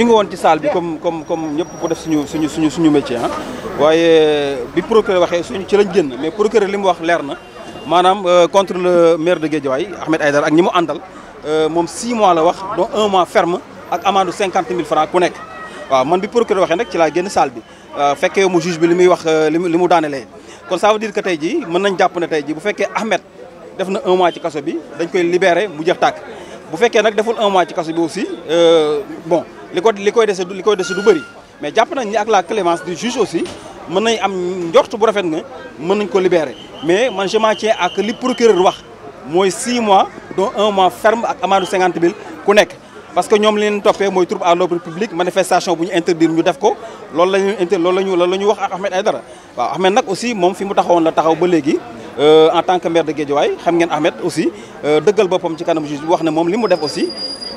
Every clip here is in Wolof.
ñu ngi woon ci saal bi comme comme comme ñëpp ko def suñu suñu suñu suñu métier ah waaye bi procureur waxee suñu ci lañ génn mais procureur li mu wax leer na maanaam euh, contre le maire de Guédiawaye Ahmed Aïdara ak ñi mu àndal euh, moom 6 mois la wax dont un mois ferme ak amende 50 000 francs ku nekk waaw man bi procureur waxee nag ci la génn salle bi euh, fekkee mu juge bi li muy wax li mu li mu daanelee kon ça dire que tey jii mën nañ jàpp ne tey ji bu fekkee Ahmed def na un mois ci kaso bi dañ koy libéré mu jeex tàkk bu fekkee nag deful un mois ci kaso bi aussi bon li ko li koy dese li koy dese du bëri mais jàpp nañ ni ak la clémence du juge aussi mën nañ am njort bu rafet ne mën nañ ko libérer mais man je m'en tiens ak li procureur wax mooy 6 mois dont un mois ferme ak amende 50 000 ku nekk. parce que ñoom li leen toppee mooy trouble à l'ordre public manifestation bu ñu interdire ñu def ko loolu la ñu inter loolu la ñu loolu la ñu wax ak Ahmed Aïdara waaw Ahmed nag aussi moom fi mu taxawoon la taxaw ba léegi euh, en tant que maire de Guédiawaye xam ngeen Ahmed aussi euh, dëggal boppam ci kanam juge wax ne moom li mu def aussi.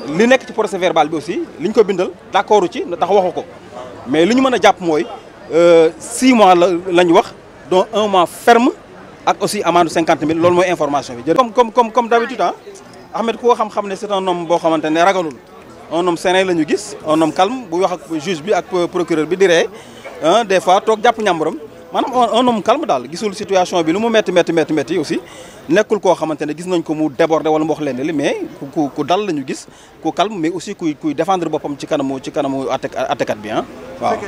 li nekk ci procès verbal bi aussi liñ ñu ko bindal d'accord ci ndax waxu ko mais li ñu mën a jàpp mooy euh, six mois la lañ wax dont un mois ferme ak aussi amende cinquante mille loolu mooy information bi. comme comme comme comme d'habitude ah Ahmed ku ko xam-xam ne c'est un homme boo xamante ne ragalul un homme serein la ñu gis un homme calme bu wax ak bi ak procureur bi di ree ah, des fois toog jàpp ñàmburam maanaam un homme calme daal gisul situation bi lu mu métti métti métti métti aussi nekkul koo xamante ne gis nañ ko mu débordé wala mu wax leen li mais ku ku la ñu gis ku calme mais aussi kuy kuy défendre boppam ci kanamu ci kanamu attekat bi ah waaw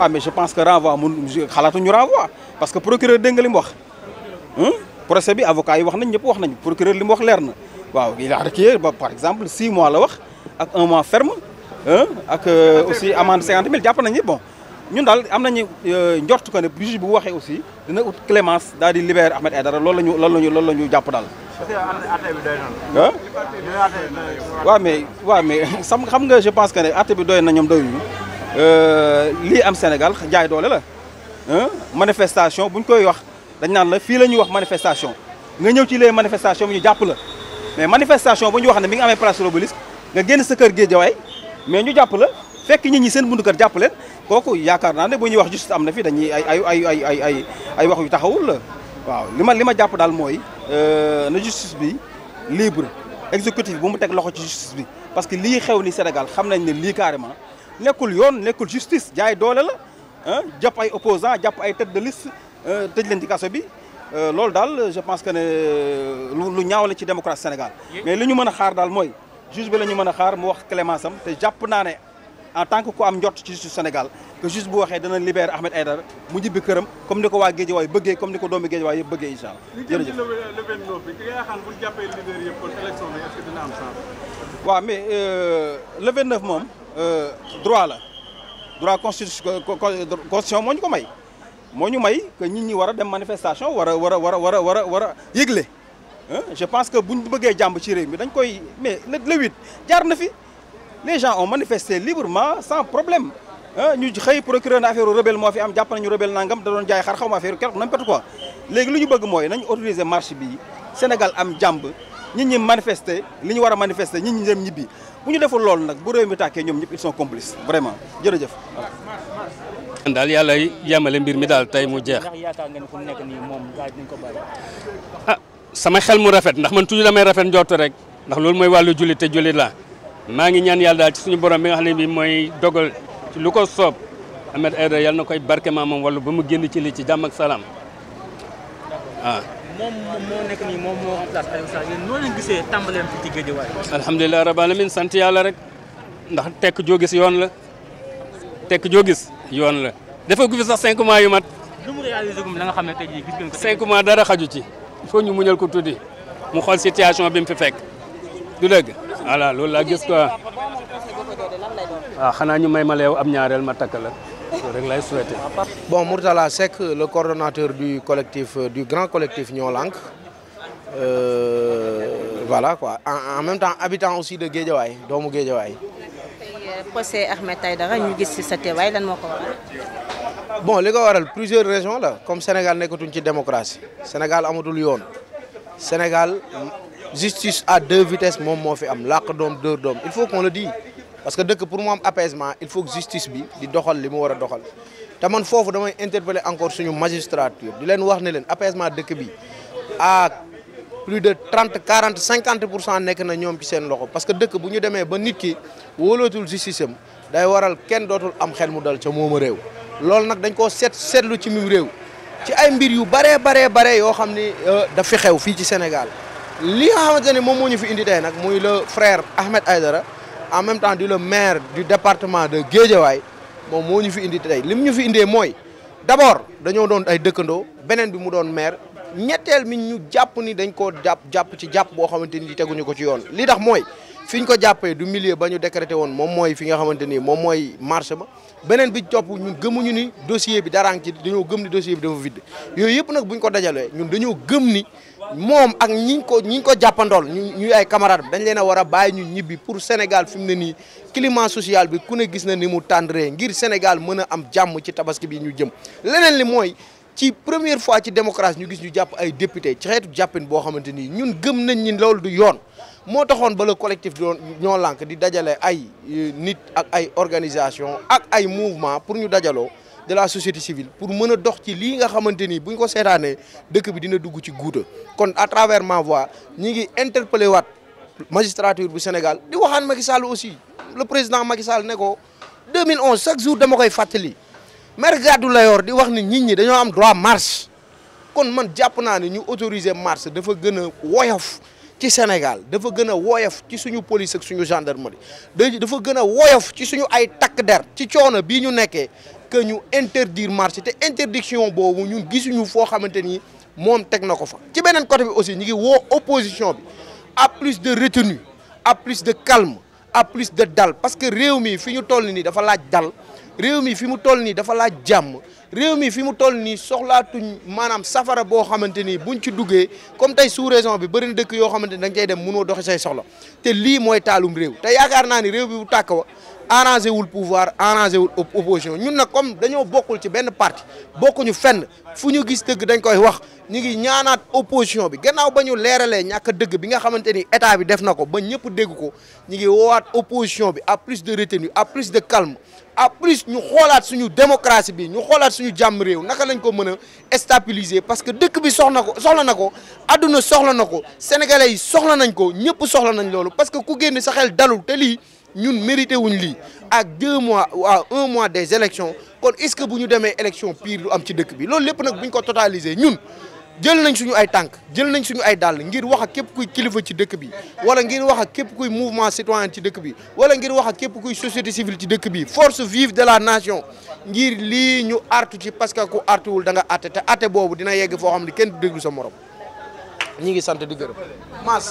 ah mais je pense que renvoi mun xalaatu ñu renvoi parce que procureur dégg nga li mu wax procès bi avocat yi wax nañ ñëpp wax nañ procureur li mu wax leer na waaw il a requis par exemple six mois la wax ak un mois ferme ak euh, aussi amende cinquante mille jàpp nañu bon ñun daal am nañu euh, njort ko ne juge bu waxee aussi dina ut clemence daal di libérer Ahmed Aïdara loolu la ñu loolu la ñu loolu la jàpp daal. ah waaw mais waaw mais xam nga je pense que ne àtte bi doy na ñoom doyuñu euh, lii am Sénégal jaay doole la manifestation buñ koy wax dañ ñaan la fii la ñuy wax manifestation nga ñëw ci les manifestations bi ñu jàpp la mais manifestation bu ñu wax ne mi ngi amee place de nga génn sa kër Guédiawaye mais ñu jàpp la fekk ñi ñi seen buntu kër jàpp leen kooku yaakaar naa ne bu ñuy wax juste am na fi dañuy ay ay ay ay ay ay ay wax yu taxawul la waaw li ma li ma jàpp daal mooy euh, na justice bi libre exécutif bu mu teg loxo ci justice bi parce que lii xew ni Sénégal xam nañ ne lii carrément nekkul yoon nekkul justice jaay doole la ah jàpp ay opposants jàpp ay tête de liste euh, tëj leen ci kaso bi euh, loolu daal je pense que ne lu ñaaw la ci démocratie Sénégal mais li ñu mën a xaar daal mooy juge bi la ñu mën a xaar mu wax clémence am te jàpp naa ne en tant que ku am njot ci justice Sénégal que juge bu waxee dana libérer Ahmed Aïdara mu jibbi këram comme ni ko waa Guédiawaye bëggee comme ni ko doomi Guédiawaye yëpp bëggee incha allah. jërëjëf le 29 bi ki nga xam bu ñu jàppee leader yëpp euh, moom euh, droit la droit constitution moo ñu ko may moo ñu may que nit ñi war a dem manifestation war a war a war a war a war a yëgle. je pense que bu ñu bëggee jàmb ci réew mi dañ koy mais le huit jaar na fi les gens ont manifesté librement sans problème ñu xëy procureur na affaire rebelle moo fi am jàpp nañu rebel nangam da jaay xar xaw ma affaire keroog n'importe quoi léegi lu ñu bëgg mooy nañ autoriser marche bi Sénégal am jàmb ñi ñi manifester li ñu war a manifester nit ñi dem ñibbi bu ñu deful loolu nag bu réew mi tàkkee ñoom ñëpp ils sont complices vraiment jërëjëf. daal yàlla yemale mbir mi daal tey mu jeex. ah. sama xel mu rafet ndax man toujours damay rafet njortu rek ndax loolu mooy wàllu jullit te jullit laa maa ngi ñaan yàlla daal ci suñu borom bi nga xam ne bii mooy dogal lu ko soob Ahmed Aidara yàlla na koy barke maa moom wala ba mu génn ci li ci jàmm ak salaam waaw. Ah. moom moo leen alhamdulilah rabbil sant yàlla rek ndax tekk joo gis yoon la tekk joo gis yoon la dafa gu sax 5 mois yu mat. lu mu xam ne tey jii dara xaju ci. foo ñu muñal ko tuddi mu xool situation bi mu fi fekk du dëgg voilà loolu laa gis quoi waaw ah, xanaa ñu may ma leew am ñaareel ma takk la loolu rek lay souhaité. bon Mourtala Seck le coordonnateur du collectif euh, du grand collectif Ñoo Lank euh, voilà quoi en, en même temps habitant aussi de Guédiawaye doomu géejawaay bon li ko waral plusieurs région la comme Sénégal nekkatuñ ci démocratie Sénégal amatul yoon Sénégal justice à deux vitesses moom moo fi am làq doom dóor doom il faut qu'on le dise parce que dëkk pour mu am apaisement il faut que justice bi di doxal li mu war a doxal te man foofu damay interpeller encore suñu magistrature di leen wax ne leen apaisement dëkk bi à plus de trente quarante cinquante pour cent nekk na ñoom ci seen loxo parce que dëkk bu ñu demee ba nit ki wóolootul justice am day waral kenn dootul am xel mu dal ca moomu réew. loolu nag dañ koo seet seetlu ci mim réew ci ay mbir yu baree bare bare yoo xam ni euh, daf fi xew fii ci Sénégal li nga xamante ne moom moo ñu fi indi tey nag mooy le frère Ahmed Aïdara en même temps di le maire du département de Guédiawaye moom moo ñu fi indi tey lim ñu fi indee mooy d'abord dañoo doon ay dëkkandoo beneen bi mu doon maire ñetteel mi ñu jàpp ni dañ ko jàpp jàpp ci jàpp boo xamante ni teguñu ko ci yoon li tax mooy fi ñu ko jàppee du millier ba ñu décrété woon moom mooy fi nga xamante ni moom mooy marché ba beneen bi topp ñun gëmuñu ni dossier bi dara ngi ci dañoo gëm ni dossier bi dafa vide yooyu yëpp nag bu ñu ko dajalee ñun dañoo gëm ni moom ak ñi ko ñi ko jàppandool ñu ay camarades dañ leen a war a bàyyi ñu ñibbi pour Sénégal fi mu ne nii climat social bi ku gis na ni mu tàndree ngir Sénégal mën a am jàmm ci tabaski bi ñu jëm leneen li mooy. ci première fois ci démocratie ñu gis ñu jàpp ay député ci xeetu jàppin boo xamante ni ñun gëm nañ ni loolu du yoon moo taxoon ba le collectif doon ñoo lànk di dajale ay euh, nit ak ay organisation ak ay mouvement pour ñu dajaloo de la société civile pour mën a dox ci lii nga xamante ni bu ñu ko seetaanee dëkk bi dina dugg ci guuta kon à travers ma voix ñi ngi interpellé waat magistrature bu Sénégal di waxaan Macky Sall aussi le président Macky Sall ne ko 2011 chaque jour dama koy fàttali maire Gadou Layor di wax ni nit ñi dañoo am droit marche kon man jàpp naa ne ñu autoriser marche dafa gën a woyof ci Sénégal dafa gën a woyof ci suñu police ak suñu gendarmerie dafa gën a woyof ci suñu ay takk der ci coono bii ñu nekkee que ñu interdire marché te interdiction boobu ñu gisuñu foo xamante ni moom teg na ko fa. ci beneen côté bi aussi ñu ngi woo opposition bi à plus de retenue à plus de calme à plus de dal parce que réew mi fi ñu toll nii dafa laaj dal réew mi fi mu toll nii dafa laaj jàmm. réew mi fi mu toll nii soxlaatuñ maanaam safara boo xamante ni buñ ci duggee comme tey sous raison bi bëri na dëkk yoo xamante ni da nga cay dem mënoo doxi say soxla te lii mooy taalum réew te yaakaar naa ni réew bi bu tàkk wa arrangé wul pouvoir arrangé wul opposition ñun nag comme dañoo bokkul ci benn parti bokkuñu fenn fu ñu gis dëgg dañ koy wax ñu ngi ñaanaat opposition bi gannaaw ba ñu leeralee ñàkk dëgg bi nga xamante ni état bi def na ko ba ñëpp dégg ko ñu ngi woowaat opposition bi à plus de retenue à plus de calme a plus ñu xoolaat suñu démocratie bi ñu xoolaat suñu jàmm réew naka lañ ko mën a stabiliser parce que dëkk bi soxla ko soxla na ko adduna soxla na ko sénégalais yi soxla nañ ko ñëpp soxla nañ loolu parce que ku génn sa xel dalul te lii ñun mérité wuñ lii ak deux mois à un mois des élections kon est-ce que bu ñu demee élection pire lu am ci dëkk bi loolu lépp nag bu ñu ko totaliser ñun jël nañ suñu ay tànk jël nañ suñu ay dàll ngir wax ak képp kuy kilifa ci dëkk bi wala ngir wax ak képp kuy mouvement citoyen ci dëkk bi wala ngir wax ak képp kuy société civile ci dëkk bi force vive de la nation ngir lii ñu artu ci parce que ku artuwul da nga atte te atte boobu dina yegg foo xam ne kenn du déglu sa morom ñi ngi sant di gërëm